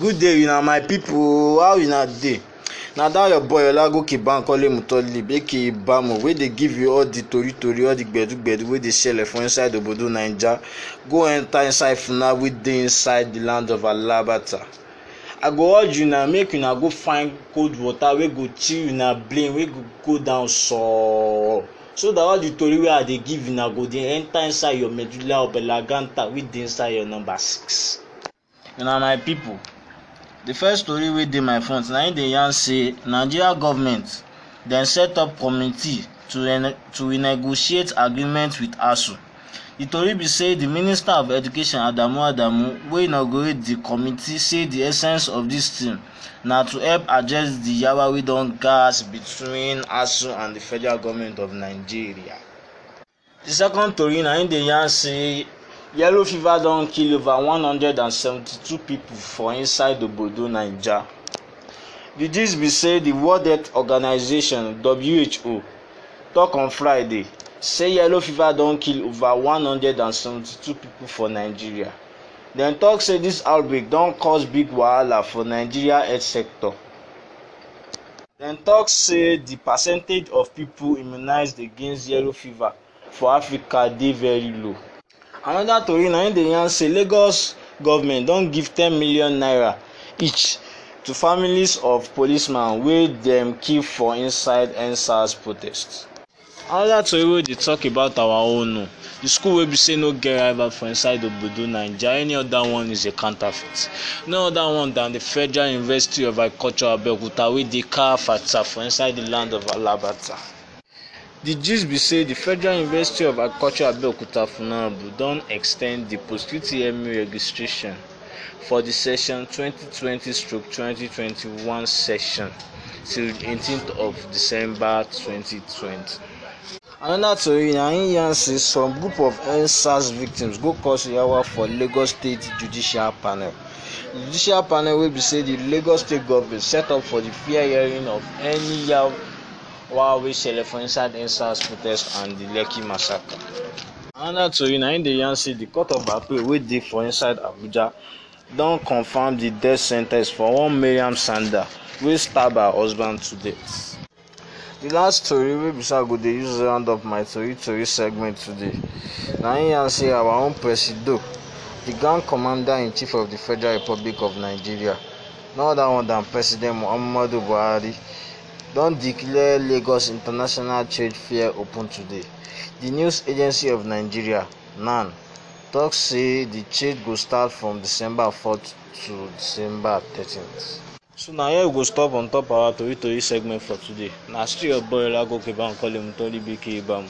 good day una my pipo how una dey na dat your boy olagoke bankole mutolib aka bamo wey dey give you all di tori tori all di gbẹdugbẹdu wey dey ṣẹlẹ for inside obodo naija go enter inside funa wey dey inside di land of alabata i go urge una make una go find cold water wey go chill una brain wey go go down soor so that all the tori wey i dey give una go dey enter inside your medulla oblongata wey dey inside your number six una my pipo di first tori wey dey my front na im dey yarn say nigeria goment dem set up committee to to renegotiate agreement wit ASU. di tori be say di minister of education adamu adamu wey inaugurate di committee say di essence of dis team na to help address di yawa wey don gas between ASU and di federal goment of nigeria di second tori na im dey yarn say yellow fever don kill over one hundred and seventy-two pipo for inside obodo naija di gist be say The world health Organization who talk on friday say yellow fever don kill over one hundred and seventy-two pipo for nigeria dem tok say dis outbreak don cause big wahala for nigeria health sector dem tok say di percentage of pipo immunised against yellow fever for africa dey very low. Another tori na im dey yarn say lagos government don give ten million naira each to families of policemen wey dem kill for inside endsars protest. Another tori wey dey talk about our own o di school wey be say no get rival for inside obodo naija any other one is a counterfeit no other one than the federal university of agriculture abeokuta wey dey kafata for inside the land of alabata di gist be say di federal university of agriculture abeokuta funab don ex ten d di post-utme registration for di session 2020-2021 session till 18th of december 2020. another tori na im yarn say some group of nsars victims go cause yawa for lagos state judicial panel judicial panel wey be say di lagos state government set up for di fair hearing of any yawa while wey shele for inside endsars protest and di lekki massacre anoda tori na im dey yarn say di court of appeal wey dey for inside abuja don confam di death sen ten ce for one maryam sanda wey stab her husband to death di last tori wey bisa go dey use round up my tori tori segment today na im yarn say our own presido di grand commander in chief of di federal republic of nigeria no other one than president muhammadu buhari don declare lagos international trade fair open today di news agency of nigeria nan tok say di trade go start from december 4 to december 13 so na here we go stop on top our tori tori segment for today na still your boy olagoke bankole mutoli bk ibam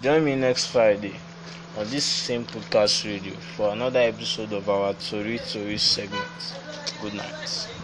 join me next friday on this same podcast radio for another episode of our tori tori segment good night.